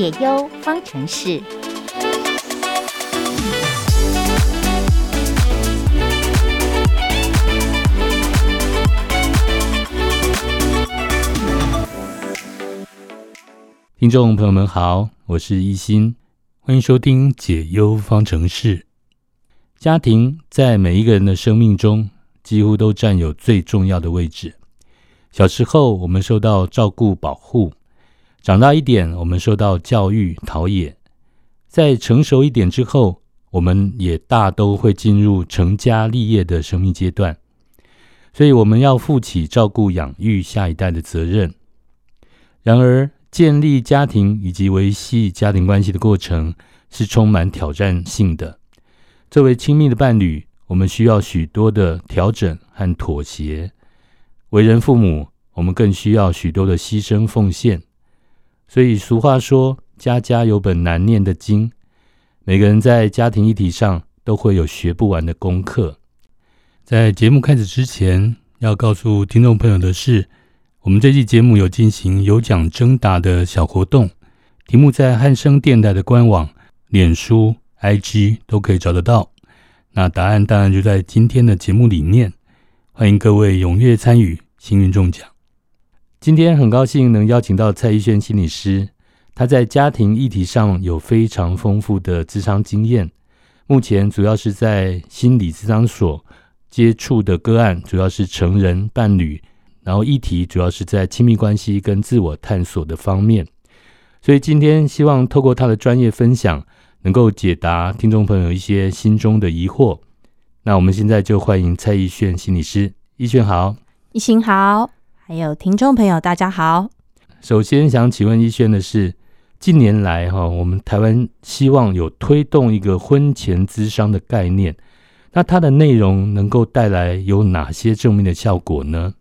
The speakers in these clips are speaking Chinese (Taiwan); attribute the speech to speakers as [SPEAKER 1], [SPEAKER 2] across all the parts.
[SPEAKER 1] 解憂方程式。
[SPEAKER 2] 聽眾朋友們好，我是亦欣，歡迎收聽解憂方程式。家庭在每一個人的生命中幾乎都佔有最重要的位置。小時候，我們受到照顧、保護。長大一點，我們受到教育、陶冶；在成熟一點之後，我們也大都會進入成家立業的生命階段。所以，我們要負起照顧、養育下一代的責任。然而，建立家庭以及維繫家庭關係的過程是充滿挑戰性的。作為親密的伴侶，我們需要許多的調整和妥協；為人父母，我們更需要許多的犧牲奉獻。所以俗話說，家家有本難唸的經。每個人在家庭議題上都會有學不完的功課。在節目開始之前，要告訴聽眾朋友的是，我們這期節目有進行有獎徵答的小活動，題目在漢聲電台的官網、臉書、IG 都可以找得到。那答案當然就在今天的節目裡面，歡迎各位踴躍參與，幸運中獎。今天很高興能邀請到蔡翊楦心理師，他在家庭議題上有非常豐富的諮商經驗。目前主要是在心理諮商所接觸的個案，主要是成人伴侶，然後議題主要是在親密關係跟自我探索的方面。所以今天希望透過他的專業分享，能夠解答聽眾朋友一些心中的疑惑。那我們現在就歡迎蔡翊楦心理師，翊楦好，
[SPEAKER 1] 亦欣好。還有聽眾朋友，大家好。
[SPEAKER 2] 首先想請問翊楦的是，近年來哈，我們台灣希望有推動一個婚前諮商的概念，那它的內容能夠帶來有哪些正面的效果呢？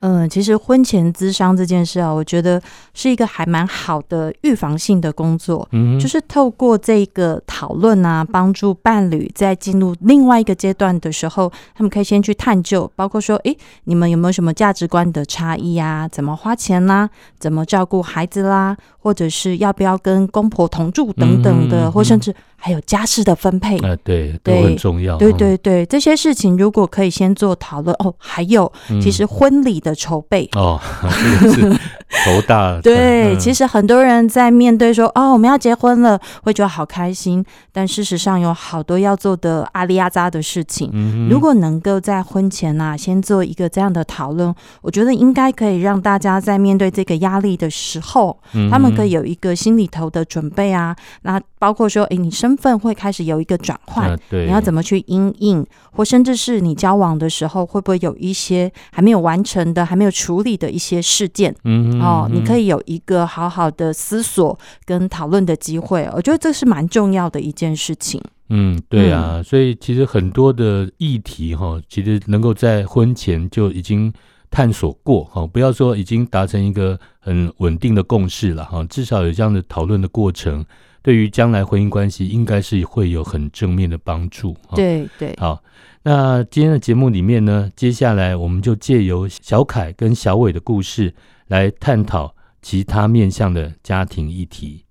[SPEAKER 1] 嗯，其實婚前諮商這件事啊，我覺得是一個還蠻好的預防性的工作、嗯，就是透過這個討論啊，幫助伴侶在進入另外一個階段的時候，他們可以先去探究，包括說，哎、欸，你們有沒有什麼價值觀的差異呀、啊？怎麼花錢啦、啊？怎麼照顧孩子啦、啊？或者是要不要跟公婆同住等等的，嗯哼嗯哼嗯，或甚至還有家事的分配、呃對，
[SPEAKER 2] 對，都很重要。對對
[SPEAKER 1] 對，嗯、這些事情如果可以先做討論，哦，還有，嗯、其實婚禮。的籌備哦，這個、頭大 對，其實很多人在面對說哦，我們要結婚了，會覺得好開心，但事實上有好多要做的阿里阿扎的事情、嗯。如果能夠在婚前啊，先做一個這樣的討論，我覺得應該可以讓大家在面對這個壓力的時候，他們可以有一個心裡頭的準備啊。嗯、那包括說，哎，你身份會開始有一個轉換，啊、對你要怎麼去因應，或甚至是你交往的時候，會不會有一些還沒有完成。的還沒有處理的一些事件，嗯哼哼，哦，你可以有一個好好的思索跟討論的機會，我覺得這是蠻重要的一件事情。
[SPEAKER 2] 嗯，對啊，所以其實很多的議題哈，嗯，其實能夠在婚前就已經探索過，哈，不要說已經達成一個很穩定的共識了，哈，至少有這樣的討論的過程。對於將來婚姻關係，應該是會有很正面的幫助。對對，好，那今天的節目裡面呢，接下來我們就借由小凱跟小偉的故事來探討其他面向的家庭議題。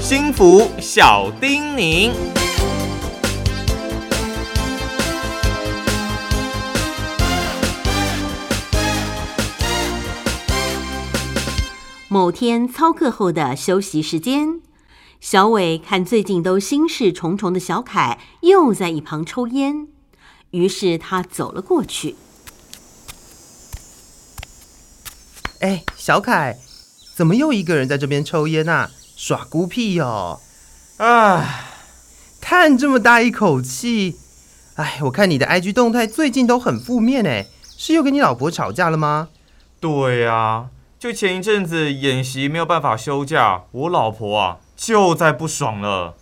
[SPEAKER 3] 幸福小叮嚀。
[SPEAKER 1] 某天操課後的休息時間，小偉看最近都心事重重的小凱又在一旁抽煙，於是他走了過去。
[SPEAKER 3] 哎、欸，小凱，怎麼又一個人在這邊抽煙呢、啊？耍孤僻喲？啊，嘆這麼大一口氣。哎，我看你的 IG 動態最近都很負面、欸，哎，是又跟你老婆吵架了嗎？對呀、啊。就前一陣子演習沒有辦法休假，我老婆啊就在不爽了。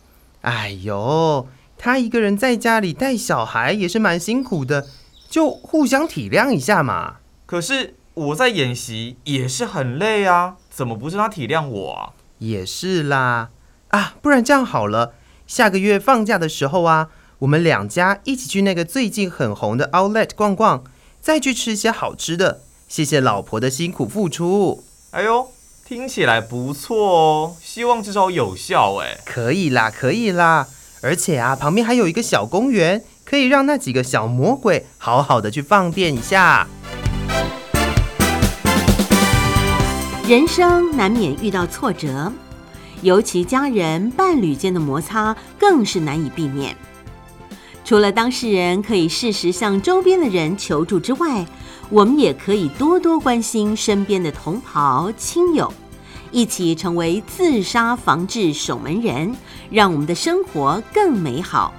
[SPEAKER 3] 哎呦，她一個人在家裡帶小孩也是蠻辛苦的，就互相體諒一下嘛。可是我在演習也是很累啊，怎麼不是她體諒我啊？也是啦，啊，不然這樣好了，下個月放假的時候啊，我們兩家一起去那個最近很紅的 Outlet 逛逛，再去吃一些好吃的。謝謝老婆的辛苦付出。哎呦，聽起來不錯哦，希望至少有效哎。可以啦，可以啦，而且啊，旁邊還有一個小公園，可以讓那幾個小魔鬼好好的去放電一下。
[SPEAKER 1] 人生難免遇到挫折，尤其家人、伴侶間的摩擦更是難以避免。除了當事人可以適時向周邊的人求助之外，我們也可以多多關心身邊的同袍親友，一起成為自殺防治守門人，讓我們的生活更美好。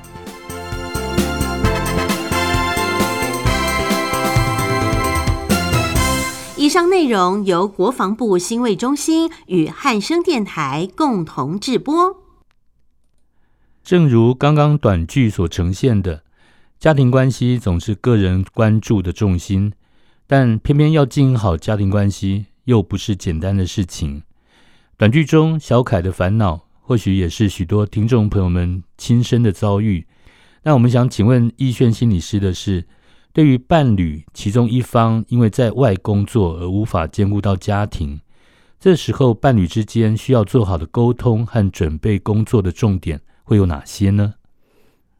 [SPEAKER 1] 以上內容由國防部心衛中心與漢聲電台共同制播。
[SPEAKER 2] 正如剛剛短劇所呈現的，家庭關係總是個人關注的重心。但偏偏要經營好家庭關係，又不是簡單的事情。短劇中小凱的煩惱，或許也是許多聽眾朋友們親身的遭遇。那我們想請問亦欣心理師的是，對於伴侶其中一方因為在外工作而無法兼顧到家庭，這時候伴侶之間需要做好的溝通和準備工作的重點會有哪些呢？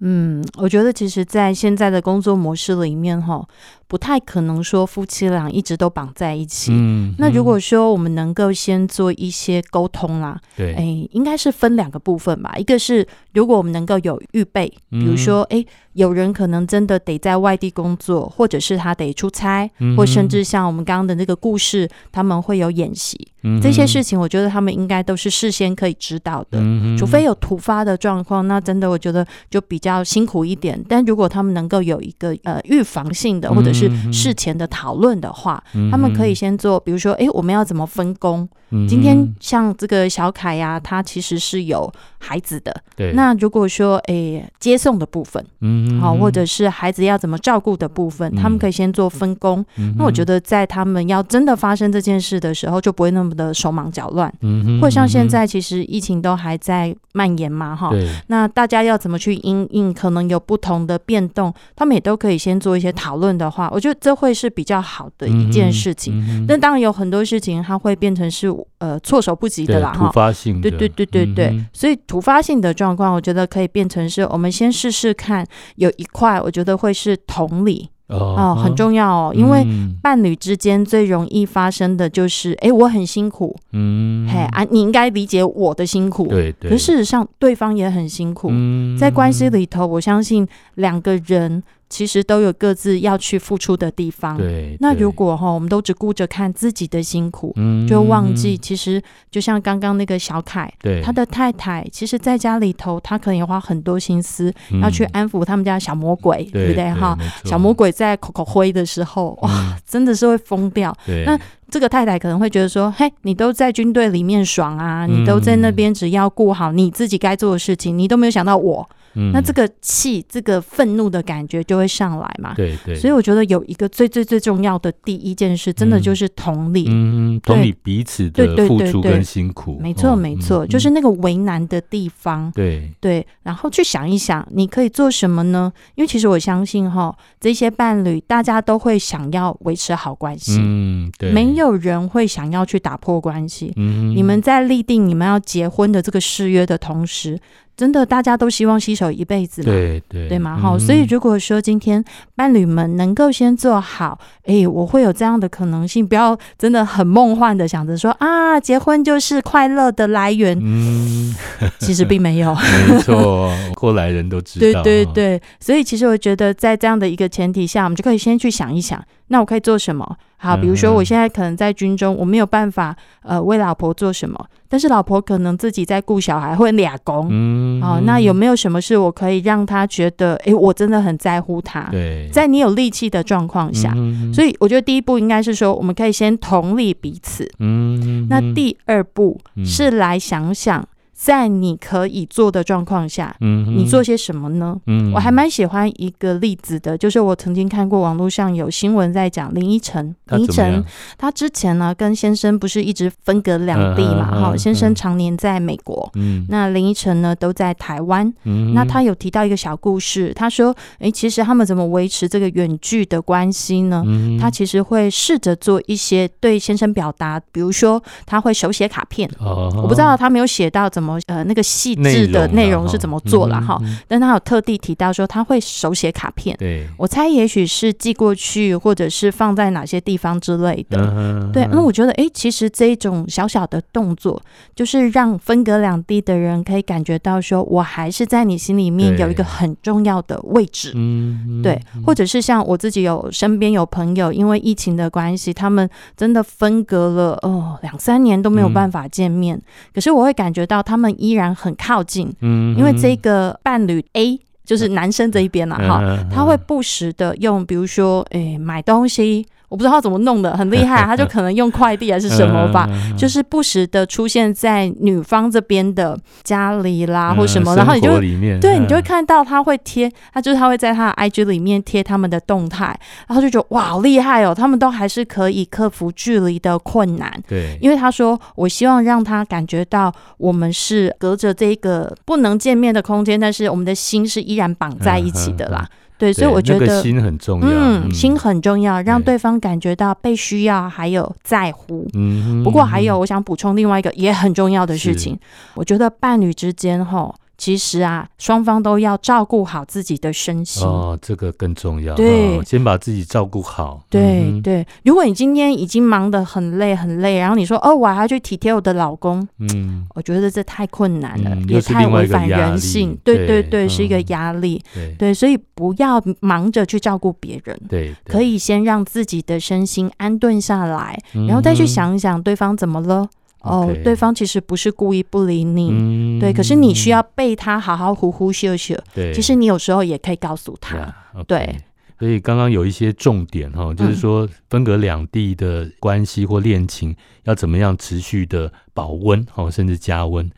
[SPEAKER 1] 嗯，我覺得其實，在現在的工作模式裡面，哈，不太可能說夫妻倆一直都綁在一起。嗯嗯。那如果說我們能夠先做一些溝通啦，對，應該是分兩個部分吧。一個是，如果我們能夠有預備，比如說，嗯誒，有人可能真的得在外地工作，或者是他得出差，或甚至像我們剛剛的那個故事，他們會有演習。嗯、這些事情，我覺得他們應該都是事先可以知道的，嗯、除非有突發的狀況，那真的我覺得就比較辛苦一點。但如果他們能夠有一個呃預防性的或者是事前的討論的話，嗯，他們可以先做，比如說，哎，欸，我們要怎麼分工？嗯、今天像這個小凱呀，啊，他其實是有孩子的，對。那如果說哎，欸、接送的部分，嗯，好，或者是孩子要怎麼照顧的部分，嗯，他們可以先做分工，嗯。那我覺得在他們要真的發生這件事的時候，就不會那麼的手忙腳亂，嗯嗯，或者像現在、嗯、其實疫情都還在蔓延嘛，哈，那大家要怎麼去因應，可能有不同的變動，他們也都可以先做一些討論的話，我覺得這會是比較好的一件事情。嗯嗯、但當然有很多事情它會變成是呃措手不及的啦，哈，突發
[SPEAKER 2] 性對對對對對、嗯，
[SPEAKER 1] 所以突發性的狀況，我覺得可以變成是，我們先試試看，有一塊，我覺得會是同理。Oh, 哦，很重要哦，嗯、因為伴侶之間最容易發生的就是，哎、欸，我很辛苦，嗯，嘿啊，你應該理解我的辛苦，對對，對，可事實上對方也很辛苦，嗯、在關係裡頭，我相信兩個人。其實都有各自要去付出的地方。對，對，那如果哈，我們都只顧着看自己的辛苦，嗯、就忘記、嗯、其實就像剛剛那個小凱，他的太太，其實在家裡頭，他可能花很多心思要去安撫他們家的小魔鬼，嗯、不對不對哈？小魔鬼在口口灰的時候，哇，嗯、真的是會瘋掉，對。那這個太太可能會覺得說，嘿，你都在軍隊裡面爽啊，嗯、你都在那邊只要顧好你自己該做的事情，你都沒有想到我。那這個氣、嗯，這個憤怒的感覺就會上來嘛？對，對對。所以我覺得有一個最最最重要的第一件事，嗯、真的就是同理嗯。嗯，
[SPEAKER 2] 同理彼此的付出對對對對對跟辛苦。
[SPEAKER 1] 沒錯、哦，沒錯、嗯，就是那個為難的地方。對、嗯、對。然後去想一想，你可以做什麼呢？因為其實我相信吼，這些伴侶大家都會想要維持好關係。嗯，對。沒有人會想要去打破關係。嗯。你們在立定你們要結婚的這個誓約的同時。真的，大家都希望攜手一輩子嘛？對對，對嘛、嗯？所以如果說今天伴侶們能夠先做好，哎、欸，我會有這樣的可能性。不要真的很夢幻的想着說啊，結婚就是快樂的來源。嗯，
[SPEAKER 2] 其實並
[SPEAKER 1] 沒有，呵呵，沒錯，
[SPEAKER 2] 過 來人都知道。對對
[SPEAKER 1] 對，所以其實我覺得，在這樣的一個前提下，我們就可以先去想一想。那我可以做什麼？好，比如說我現在可能在軍中，我沒有辦法呃為老婆做什麼，但是老婆可能自己在顧小孩或倆工，好，那有沒有什麼事我可以讓她覺得誒、欸，我真的很在乎她？在你有力氣的狀況下、嗯嗯，所以我覺得第一步應該是說，我們可以先同理彼此。嗯，嗯，那第二步是來想想，在你可以做的狀況下，嗯，你做些什麼呢？嗯，我還蠻喜歡一個例子的，就是我曾經看過網絡上有新聞在講林依晨，林依晨，她之前呢跟先生不是一直分隔兩地嘛？哈、啊啊啊啊啊，先生常年在美國，嗯，那林依晨呢都在台灣，嗯，那她有提到一個小故事，她、嗯、說，哎、欸，其實他們怎麼維持這個遠距的關係呢？嗯、他她其實會試着做一些對先生表達，比如說，他會手寫卡片，哦，我不知道他沒有寫到怎麼。呃，那個細緻的內容是怎麼做了哈、啊嗯？但他有特地提到說他會手寫卡片，對、嗯，我猜也許是寄過去，或者是放在哪些地方之類的，對。那、嗯、我覺得，哎、欸，其實這一種小小的動作，就是讓分隔兩地的人可以感覺到，說我還是在你心裡面有一個很重要的位置，嗯，對。或者是像我自己有身邊有朋友，因為疫情的關係，他們真的分隔了哦，兩三年都沒有辦法見面，嗯、可是我會感覺到他。他們依然很靠近，嗯，因為這個伴侶 A，嗯，就是男生這一邊了哈，他會不時的用，比如說，哎，欸，買東西。我不知道怎麼弄的，很厲害，啊，他就可能用快遞還是什麼吧， 嗯，就是不時的出現在女方這邊的家裡啦，嗯，或什麼，然後你就會裡面對、嗯，你就會看到他會貼，他就是他會在他的 IG 裡面貼他們的動態，然後就覺得哇，好厲害哦，他們都還是可以克服距離的困難，對，因為他說，我希望讓他感覺到我們是隔着這個不能見面的空間，但是我們的心是依然綁在一起的啦。嗯嗯嗯。對，所以我覺得對、那個、心很重要。嗯，心很重要，嗯嗯、讓對方感覺到被需要，還有在乎。嗯，
[SPEAKER 2] 不過還有，我
[SPEAKER 1] 想補充另外一個也很重要的事情，我覺得伴侶之間哈。其實啊，雙方都要照顧好自己的身心哦，
[SPEAKER 2] 這個更重要。對，哦、先把自己照顧好。對、嗯、對，
[SPEAKER 1] 如果你今天已經忙得很累很累，然後你說哦，我要去體貼我的老公，嗯，我覺得這太困難了，嗯、也太違反人性。對對對，是一個壓力。對、嗯、對，所以不要忙着去照顧別人，對，可以先讓自己的身心安頓下來、嗯，然後再去想一想對方怎麼了。哦、okay, oh，對方其實不是故意不理你，嗯、對，可是你需要被他好好呼呼秀秀。對，其實你有時候也可以告訴他，啊、okay，對。
[SPEAKER 2] 所以剛剛有一些重點哈，就是說分隔兩地的關係或戀情、嗯、要怎麼樣持續的保溫，哈，甚至加溫。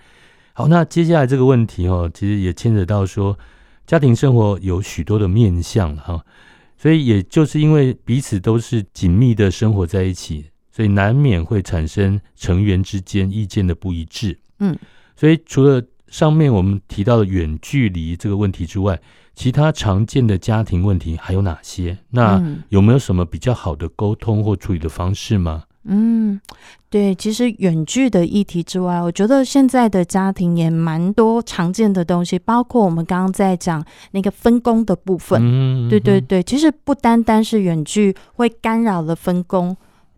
[SPEAKER 2] 好，那接下來這個問題哈，其實也牽扯到說家庭生活有許多的面向哈，所以也就是因為彼此都是緊密的生活在一起。所以難免會產生成員之間意見的不一致。嗯，所以除了上面我們提到的遠距離這個問題之外，其他常見的家庭問題還有哪些？那有沒有什麼比較好的溝通或處理的方式嗎？嗯，
[SPEAKER 1] 對，其實遠距的議題之外，我覺得現在的家庭也蠻多常見的東西，包括我們剛剛在講那個分工的部分。嗯，對對對，嗯，其實不單單是遠距會干擾了分工。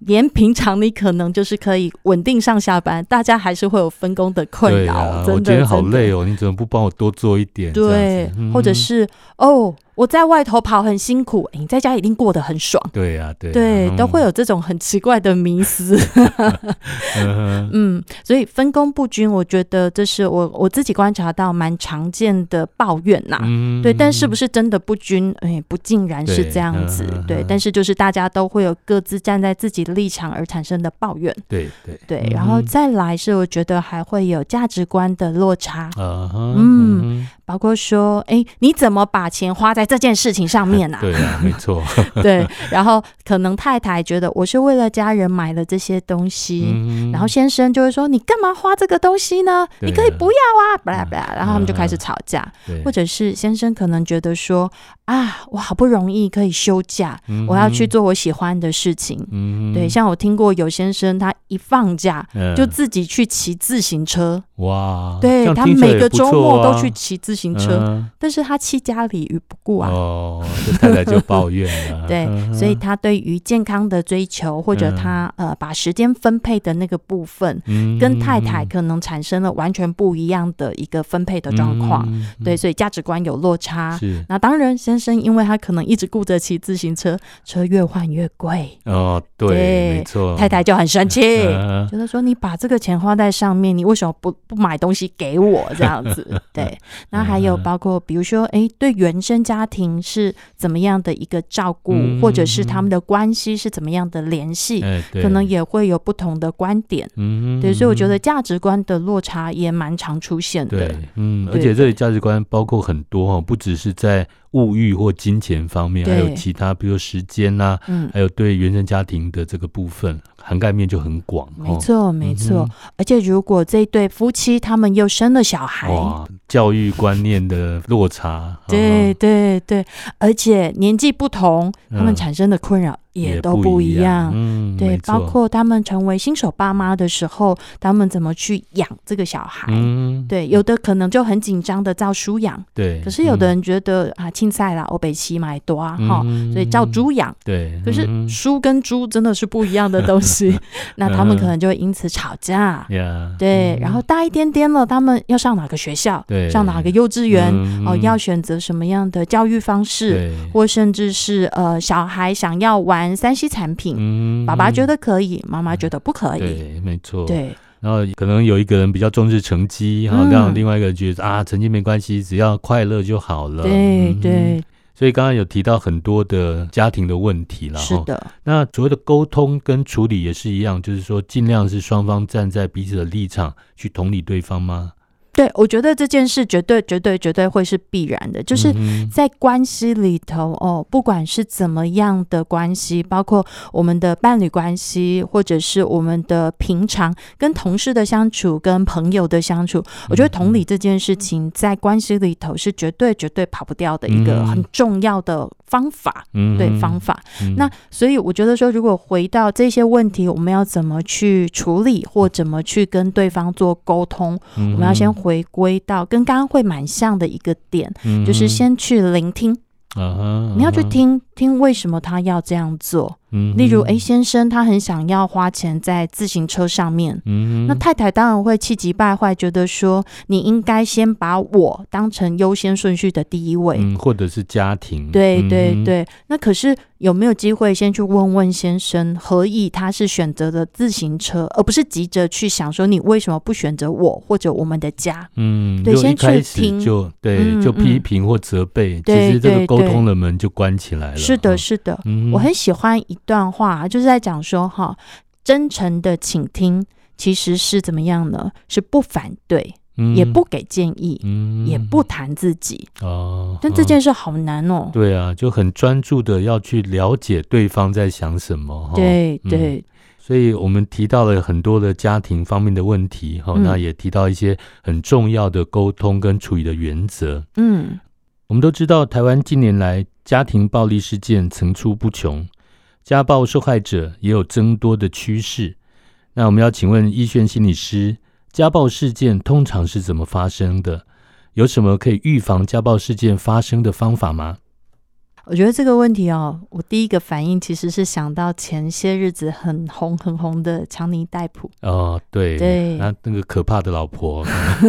[SPEAKER 1] 連平常你可能就是可以穩定上下班，大家還是會有分工的困擾。對啊，我覺得好
[SPEAKER 2] 累哦， 你怎麼不幫我多做一點？對，嗯、或者是
[SPEAKER 1] 哦。我在外頭跑很辛苦，你在家一定過得很爽。
[SPEAKER 2] 對啊，對啊，對，都會
[SPEAKER 1] 有這種很奇怪的迷思。
[SPEAKER 2] 嗯，
[SPEAKER 1] 所以分工不均，我覺得這是我我自己觀察到蠻常見的抱怨吶、啊嗯。對，但是不是真的不均？哎，不盡然是這樣子對對、嗯。對，但是就是大家都會有各自站在自己的立場而產生的抱怨。對對對、嗯，然後再來是我覺得還會有價值觀的落差。嗯，
[SPEAKER 2] 嗯，嗯
[SPEAKER 1] 包括說，哎、欸，你怎麼把錢花在這件事情上面啊？ 對啊，沒錯。 對，然後可能太太覺得我是為了家人買了這些東西，嗯、然後先生就會說：“你幹嘛花這個東西呢？你可以不要啊！” blah, blah、嗯、然後他們就開始吵架、嗯。或者是先生可能覺得說：“啊，我好不容易可以休假，嗯、我要去做我喜歡的事情。嗯”對。像我聽過有先生，他一放假、嗯、就自己去騎自行車。
[SPEAKER 2] 哇，對，他每個周末都去騎自行。行、啊。自行車，
[SPEAKER 1] 但是他棄家裡於不顧啊！哦，太太就抱怨了。對，所以他對於健康的追求，或者他呃把時間分配的那個部分、嗯，跟太太可能產生了完全不一樣的一個分配的狀況、嗯嗯。對，所以價值觀有落差。是，那當然先生，因為他可能一直顧着騎自行車，車越換越貴。
[SPEAKER 2] 哦，對，對沒錯，太太就很生氣、嗯，就是
[SPEAKER 1] 說你把這個錢花在上面，你為什麼不不買東西給我這樣子？對，那嗯、還有包括比如說，哎、欸，對原生家庭是怎麼樣的一個照顧、嗯嗯，或者是他們的關係是怎麼樣的聯繫、欸，可能也會有不同的觀點。嗯，嗯對，所以我覺得價值觀的落差也蠻常出現的。對，嗯，而且
[SPEAKER 2] 這裡價值觀包括很多，不只是在。物慾或金錢方面，還有其他，比如時間吶，啊，嗯，還有對原生家庭的這個部分，涵蓋面就很廣哦。沒錯，沒錯。嗯。
[SPEAKER 1] 而且，如果這對夫妻他們又生了小孩，
[SPEAKER 2] 哇，教育觀念的落差。 嗯，
[SPEAKER 1] 對對對，而且年紀不同，他們產生的困擾。嗯也都不一樣，嗯、對，包括他們成為新手爸媽的時候，他們怎麼去養這個小孩？嗯、對，有的可能就很緊張的照書養，對。可是有的人覺得、嗯、啊，青菜啦、我北齊買多哈，所以照豬養，
[SPEAKER 2] 對、嗯。可是
[SPEAKER 1] 書跟豬真的是不一樣的東西，嗯、 那他們可能就會因此吵架， 對。然後大一點點了，他們要上哪個學校？對，上哪個幼稚園？哦、嗯呃，要選擇什麼樣的教育方式？對，或甚至是呃，小孩想要玩。三 C 產品，爸爸覺得可以，媽、嗯、媽覺得不可以，對，沒錯，對。
[SPEAKER 2] 然後可能有一個人比較重視成績，然、嗯、後另外一個人覺得啊，成績沒關係，只要快樂就好了。對對、嗯。所以剛剛有提到很多的家庭的問題啦，是的。那所謂的溝通跟處理也是一樣，就是說盡量是雙方站在彼此的立場去同理對方嗎？
[SPEAKER 1] 對，我覺得這件事絕對、絕對、絕對會是必然的，就是在關係裡頭哦，不管是怎麼樣的關係，包括我們的伴侶關係，或者是我們的平常跟同事的相處、跟朋友的相處，我覺得同理這件事情在關係裡頭是絕對、絕對跑不掉的一個很重要的。方法、嗯，對，方法。嗯、那所以我覺得說，如果回到這些問題，我們要怎麼去處理，或怎麼去跟對方做溝通、嗯，我們要先回歸到跟剛剛會蠻像的一個點、嗯，就是先去聆聽，
[SPEAKER 2] 嗯、你要去聽
[SPEAKER 1] 聽為什麼他要這樣做。例如，哎，先生，他很想要花錢在自行車上面。嗯，那太太當然會氣急敗壞，覺得說你應該先把我當成優先順序的第一位、
[SPEAKER 2] 嗯，或者是家庭。對對對、
[SPEAKER 1] 嗯。那可是有沒有機會先去問問先生，何以他是選擇的自行車，而不是急着去想說你為什麼不選擇我或者我們的家？嗯，對，先去聽，就對，就批
[SPEAKER 2] 評或責備嗯嗯對，其實這個溝通的門就關起來了。啊、是的，
[SPEAKER 1] 是的，嗯、我很喜歡一。段話就是在講說哈，真誠的傾聽其實是怎麼樣呢？是不反對，嗯、也不給建議，嗯、也不談自己、哦、但這件事好難哦。
[SPEAKER 2] 哦對啊，就很專注的要去了解對方在想什麼。對、嗯、對，所以我們提到了很多的家庭方面的問題哈、嗯，那也提到一些很重要的溝通跟處理的原則。嗯，我們都知道台灣近年來家庭暴力事件層出不窮。家暴受害者也有增多的趨勢。那我們要請問翊楦心理師，家暴事件通常是怎麼發生的？有什麼可以預防家暴事件發生的方法嗎？
[SPEAKER 1] 我覺得這個問題哦，我第一個反應其實是想到前些日子很紅很紅的強尼戴普
[SPEAKER 2] 哦，對對，那那個可怕的老婆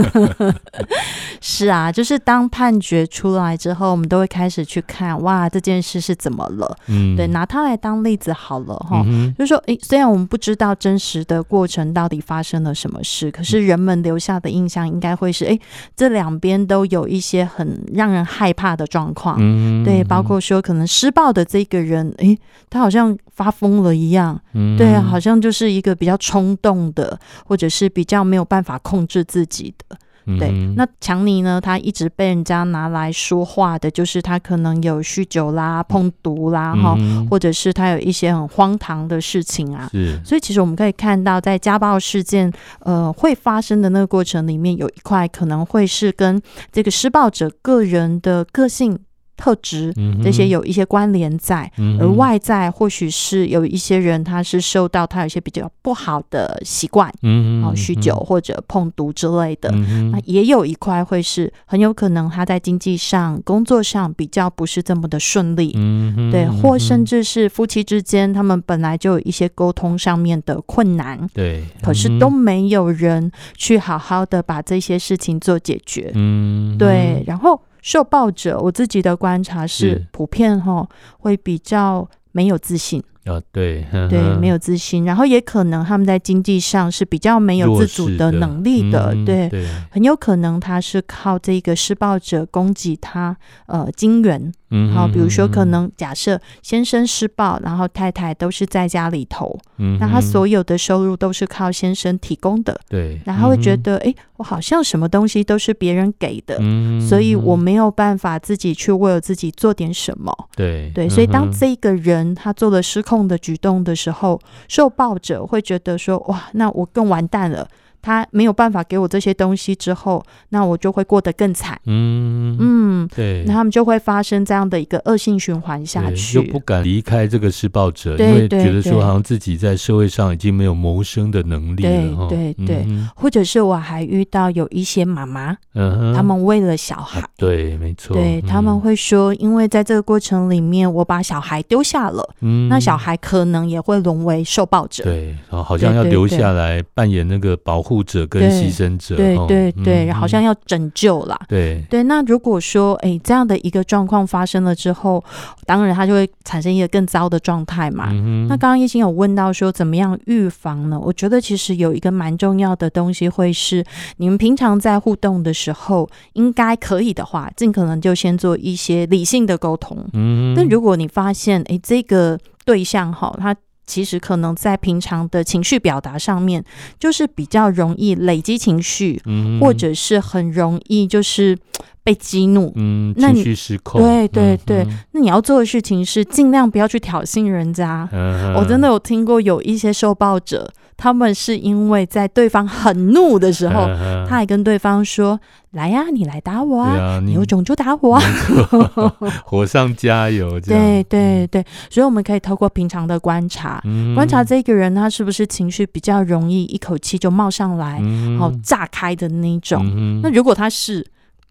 [SPEAKER 1] 是啊，就是當判決出來之後，我們都會開始去看哇這件事是怎麼了，嗯，對，拿它來當例子好了哈、嗯嗯，就是、說哎、欸，雖然我們不知道真實的過程到底發生了什麼事，可是人們留下的印象應該會是哎、欸，這兩邊都有一些很讓人害怕的狀況，嗯，嗯，對，包括。說可能施暴的這個人，誒、欸，他好像發瘋了一樣、嗯，對，好像就是一個比較衝動的，或者是比較沒有辦法控制自己的。對，嗯、那強尼呢？他一直被人家拿來說話的，就是他可能有酗酒啦、碰毒啦，哈、嗯，或者是他有一些很荒唐的事情啊。是，所以其實我們可以看到，在家暴事件，呃，會發生的那個過程裡面，有一塊可能會是跟這個施暴者個人的個性。特質這些有一些關聯在、嗯，而外在或許是有一些人他是受到他有一些比較不好的習慣，嗯，酗酒或者碰毒之類的、嗯，那也有一塊會是很有可能他在經濟上、工作上比較不是這麼的順利，嗯、對，或甚至是夫妻之間他們本來就有一些溝通上面的困難，對、嗯，可是都沒有人去好好的把這些事情做解決，嗯、對，然後。受暴者，我自己的觀察是，是普遍吼會比較沒有自信、
[SPEAKER 2] 啊對呵呵。對，沒有
[SPEAKER 1] 自信，然後也可能他們在經濟上是比較沒有自主的能力的，的、嗯對，對，很有可能他是靠這個施暴者供給他呃金援。好，比如說，可能假設先生施暴、嗯，然後太太都是在家裡頭、嗯，那他所有的收入都是靠先生提供的，
[SPEAKER 2] 對、嗯，然後他會覺得，
[SPEAKER 1] 哎、嗯，我好像什麼東西都是別人給的、嗯，
[SPEAKER 2] 所以我
[SPEAKER 1] 沒有辦法自己去為了自己做點什麼，對、嗯，
[SPEAKER 2] 對，所以當這
[SPEAKER 1] 個人他做了失控的舉動的時候，受暴者會覺得說，哇，那我更完蛋了。他沒有辦法給我這些東西之後，那我就會過得更慘。
[SPEAKER 2] 嗯嗯，對，那
[SPEAKER 1] 他們就會發生這樣的一個惡性循環下去。又不
[SPEAKER 2] 敢離開這個施暴者，對對對，因為覺得說好像自己在社會上已經沒有謀生的能力了，對對對、嗯。對對對，
[SPEAKER 1] 或者是我還遇到有一些媽媽、嗯，他們為了小孩，啊、
[SPEAKER 2] 對，沒錯，對、嗯、他
[SPEAKER 1] 們會說，因為在這個過程裡面，我把小孩丟下了，嗯，那小孩可能也會淪為受暴者。對，
[SPEAKER 2] 好像要留下來，對對對對，扮演那個保護。護者跟犧牲者對、哦，對對對，嗯、好像要
[SPEAKER 1] 拯救啦、嗯。對對，那如果說誒這樣的一個狀況發生了之後，當然它就會產生一個更糟的狀態嘛。嗯、那剛剛亦欣有問到說怎麼樣預防呢？我覺得其實有一個蠻重要的東西，會是你們平常在互動的時候，應該可以的話，盡可能就先做一些理性的溝通。嗯，但如果你發現誒這個對象哈，他其實可能在平常的情緒表達上面，就是比較容易累積情緒，嗯，或者是很容易就是被激怒，嗯，情緒失控。那你，對對對，嗯嗯，那你要做的事情是盡量不要去挑釁人家。我，嗯 oh, 真的有聽過有一些受暴者。他們是因為在對方很怒的時候， 他還跟對方說：“來呀、啊，你來打我啊，啊，你有種就打我啊！”
[SPEAKER 2] 火上加油，對
[SPEAKER 1] 對對。所以我們可以透過平常的觀察，嗯、觀察這個人他是不是情緒比較容易一口氣就冒上來，好、嗯哦、炸開的那種、嗯。那如果他是，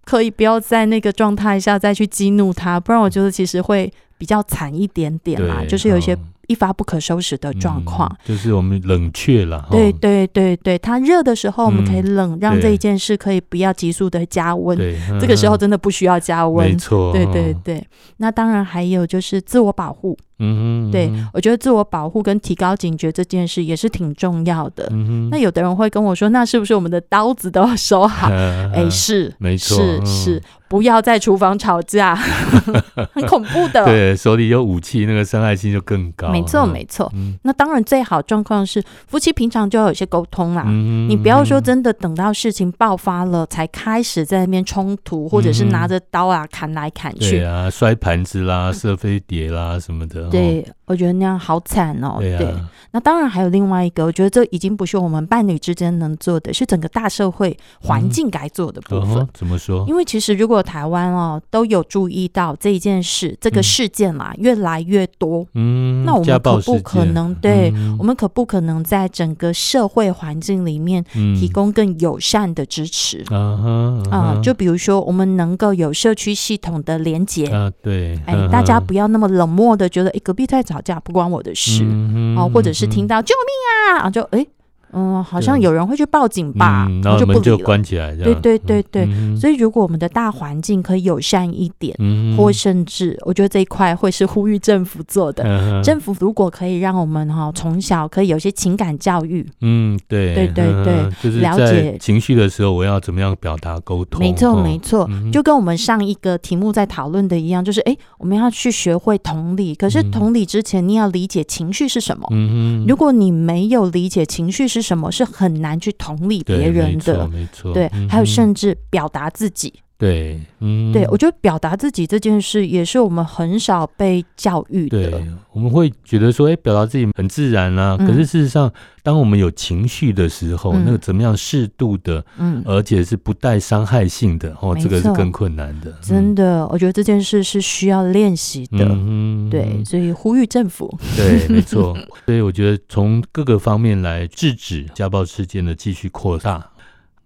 [SPEAKER 1] 可以不要在那個狀態下再去激怒他，不然我覺得其實會比較慘一點點啦，就是有一些。一發不可收拾的狀況、
[SPEAKER 2] 嗯，就是我們冷卻了。
[SPEAKER 1] 對對對對，它熱的時候我們可以冷、嗯，讓這一件事可以不要急速的加溫。對，這個時候真的不需要加溫。沒、嗯、錯、嗯。對對對。那當然還有就是自我保護。嗯哼。對嗯哼，我覺得自我保護跟提高警覺這件事也是挺重要的、嗯哼。那有的人會跟我說，那是不是我們的刀子都要收好？哎、嗯欸，是，
[SPEAKER 2] 沒錯、嗯，是，是，
[SPEAKER 1] 不要在廚房吵架， 很恐怖的。對，
[SPEAKER 2] 手裡有武器，那個傷害性就更高。沒錯，
[SPEAKER 1] 沒錯。哦嗯、那當然，最好狀況是夫妻平常就要有些溝通啦、嗯嗯。你不要說真的等到事情爆發了才開始在那邊衝突，嗯、或者是拿着刀啊、嗯、砍來砍去啊，
[SPEAKER 2] 摔盤子啦、嗯、射飛碟啦什麼的、哦。對。
[SPEAKER 1] 我覺得那樣好慘哦、喔啊，對。那當然還有另外一個，我覺得這已經不是我們伴侶之間能做的，是整個大社會環境該做的部分、
[SPEAKER 2] 嗯啊。怎麼說？因
[SPEAKER 1] 為其實如果台灣哦、喔、都有注意到這一件事、這個事件嘛、啊嗯，越來越多，嗯，那我們可不可能？對、嗯，我們可不可能在整個社會環境裡面提供更友善的支持？嗯、啊啊，啊！就比如說，我們能夠有社區系統的連結、
[SPEAKER 2] 啊、對，哎、啊欸，大家不
[SPEAKER 1] 要那麼冷漠的覺得，欸、隔壁太。吵架不關我的事，嗯，哦，或者是聽到“嗯、救命啊”啊，就、欸、哎。嗯，好像有人會去報警吧、嗯，然後就關
[SPEAKER 2] 起來這樣。對對對對、嗯，所以
[SPEAKER 1] 如果我們的大環境可以友善一點，嗯、或甚至、嗯，我覺得這一塊會是呼籲政府做的、嗯。政府如果可以讓我們哈從小可以有些情感教育，
[SPEAKER 2] 嗯，對，對對對，嗯、就是了解情緒的時候我要怎麼樣表達溝通、就是、通。沒錯、哦、沒錯、嗯，就跟
[SPEAKER 1] 我們上一個題目在討論的一樣，就是哎、欸，我們要去學會同理，可是同理之前你要理解情緒是什麼。嗯，如果你沒有理解情緒是什麼。嗯什麼是很難去同理別人的？沒錯，沒錯，對，還有甚至表達自己。嗯
[SPEAKER 2] 對，嗯，對我
[SPEAKER 1] 覺得表達自己這件事也是我們很少被教育的。對
[SPEAKER 2] 我們會覺得說，哎，表達自己很自然啦、啊嗯。可是事實上，當我們有情緒的時候、嗯，那個怎麼樣適度的，嗯，而且是不帶傷害性的，嗯、哦，這個是更困難的、嗯。
[SPEAKER 1] 真的，我覺得這件事是需要練習的。嗯，對，所以呼籲政府，對， 沒錯。
[SPEAKER 2] 所以我覺得從各個方面來制止家暴事件的繼續擴大。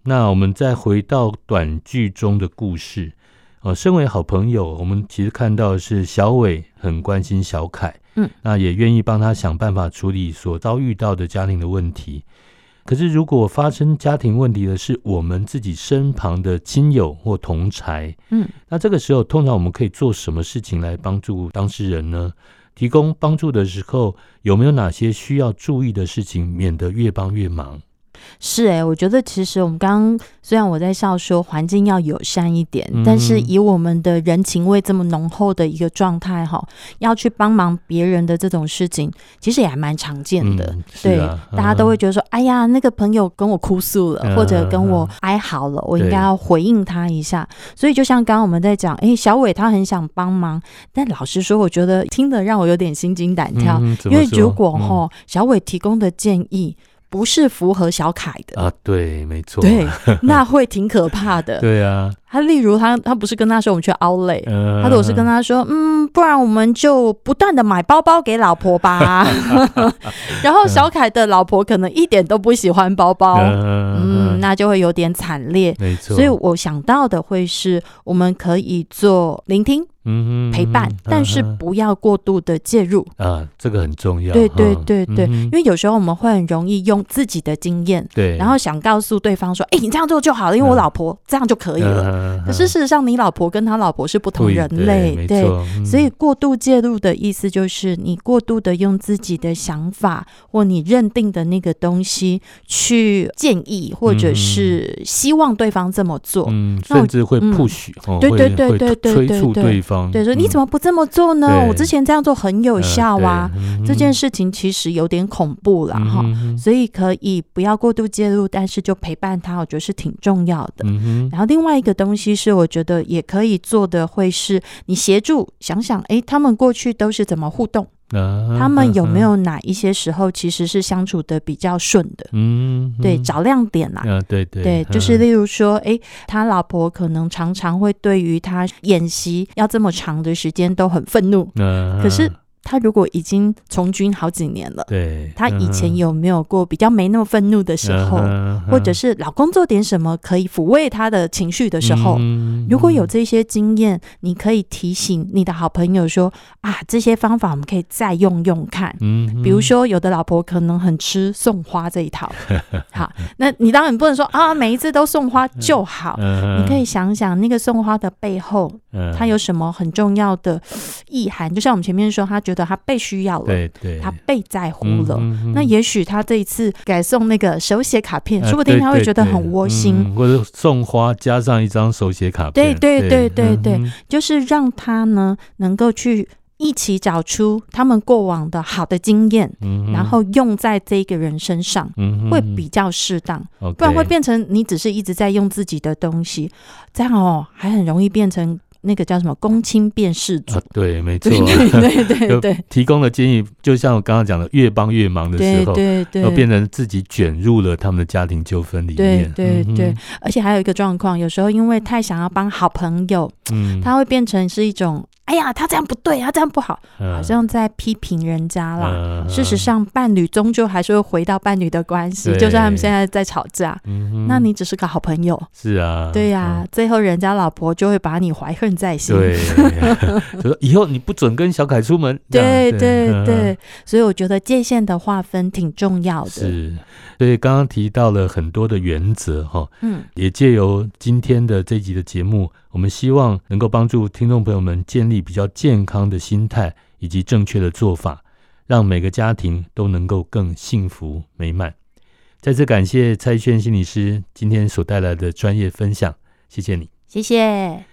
[SPEAKER 2] 那我們再回到短劇中的故事呃、哦，身為好朋友，我們其實看到的是小偉很關心小凱，嗯，那也願意幫他想辦法處理所遭遇到的家庭的問題。可是，如果發生家庭問題的是我們自己身旁的親友或同儕，嗯，那這個時候通常我們可以做什麼事情來幫助當事人呢？提供幫助的時候，有沒有哪些需要注意的事情，免得越幫
[SPEAKER 1] 越忙？是哎、欸，我覺得其實我們剛剛雖然我在笑說環境要友善一點、嗯，但是以我們的人情味這麼濃厚的一個狀態哈，要去幫忙別人的這種事情，其實也還蠻常見的。嗯、對、啊，大家都會覺得說、嗯，哎呀，那個朋友跟我哭訴了，嗯、或者跟我哀嚎了、嗯，我應該要回應他一下。所以就像剛剛我們在講，哎，小偉他很想幫忙，但老實說，我覺得聽得讓我有點心驚膽跳、嗯，因為如果吼、嗯、小偉提供的建議，不是符合小凱的啊，對，
[SPEAKER 2] 沒錯，對，那
[SPEAKER 1] 會挺可怕的。 對啊。他例如他他不是跟他說我們去 outlet，他都是跟他說，嗯，不然我們就不斷的買包包給老婆吧。然後小凱的老婆可能一點都不喜歡包包，嗯，那就會有點慘烈，沒錯。所以我想到的會是，我們可以做聆聽、
[SPEAKER 2] 嗯，陪伴，但是
[SPEAKER 1] 不要過度的介入。
[SPEAKER 2] 啊，這個很重要。對對對對，因為
[SPEAKER 1] 有時候我們會很容易用自己的經驗，對，然後想告訴對方說，哎，你這樣做就好了，因為我老婆這樣就可以了。可是事實上，你老婆跟他老婆是不同人類。對對，對，所以過度介入的意思就是你過度的用自己的想法、嗯、或你認定的那個東西去建議，或者是希望對方這麼做，嗯、那我甚至
[SPEAKER 2] 會 push，s 對對對對對對，催促對方，對，
[SPEAKER 1] 說你怎麼不這麼做呢對？我之前這樣做很有效啊、嗯對嗯。這件事情其實有點恐怖啦，哈、嗯，所以可以不要過度介入、嗯，但是就陪伴他，我覺得是挺重要的。嗯嗯、然後另外一個的。東西是我覺得也可以做的，會是你協助想想，誒、欸，他們過去都是怎麼互動
[SPEAKER 2] ？Uh-huh. 他們有沒有
[SPEAKER 1] 哪一些時候其實是相處得比較順的？嗯、uh-huh.，對，找亮點啦。對、uh、對 -huh. 對，uh-huh. 就是例如說，誒、欸，他老婆可能常常會對於他演習要這麼長的時間都很憤怒，uh-huh. 可是。他如果已經從軍好幾年了，
[SPEAKER 2] 對，他以前有
[SPEAKER 1] 沒有過比較沒那麼憤怒的時候，uh -huh. 或者是老公做點什麼可以撫慰他的情緒的時候？Uh -huh. 如果有這些經驗，你可以提醒你的好朋友說：“啊，這些方法我們可以再用用看。”嗯，比如說有的老婆可能很吃送花這一套，uh -huh. 好，那你當然不能說啊，每一次都送花就好。Uh -huh. 你可以想想那個送花的背後，他、uh -huh. 有什麼很重要的意涵？就像我們前面說，他覺得。他被需要了，對,對他被在乎了。嗯嗯嗯、那也許他這一次改送那個手寫卡片、呃，說不定他會覺得很窩心。對對對
[SPEAKER 2] 嗯、或者送花加上一張手寫卡片，對對對對對，對嗯、對
[SPEAKER 1] 就是讓他呢能夠去一起找出他們過往的好的經驗、嗯，然後用在這一個人身上，嗯嗯、會比較適當、嗯嗯。不然會變成你只是一直在用自己的東西，okay、這樣哦、喔、還很容易變成。那個叫什麼“公親變事主、啊”？對，沒錯、啊，對對對，對，對，對，對，對，對，
[SPEAKER 2] 對 提供的建議，就像我剛剛講的，越幫越忙的時候，對對對，對，變成自己捲入了他們的家庭糾紛裡面。對對對，對，
[SPEAKER 1] 而且還有一個狀況，有時候因為太想要幫好朋友，他會變成是一種。哎呀，他這樣不對，他這樣不好，
[SPEAKER 2] 嗯、好像
[SPEAKER 1] 在批評人家啦、嗯。事實上，伴侶終究還是會回到伴侶的關係，就算他們現在在吵架，嗯、那你只是個好朋友。
[SPEAKER 2] 是啊，對啊、
[SPEAKER 1] 嗯。最後人家老婆就會把你懷恨在心。
[SPEAKER 2] 對，對 以後你不准跟小凱出門。對對對，嗯、
[SPEAKER 1] 所以我覺得界限的劃分挺重要的。是。
[SPEAKER 2] 所以剛剛提到了很多的原則，哈，嗯，也借由今天的這集的節目、嗯，我們希望能夠幫助聽眾朋友們建立比較健康的心態以及正確的做法，讓每個家庭都能夠更幸福美滿。再次感謝蔡翊楦心理師今天所帶來的專業分享，謝謝你，
[SPEAKER 1] 謝謝。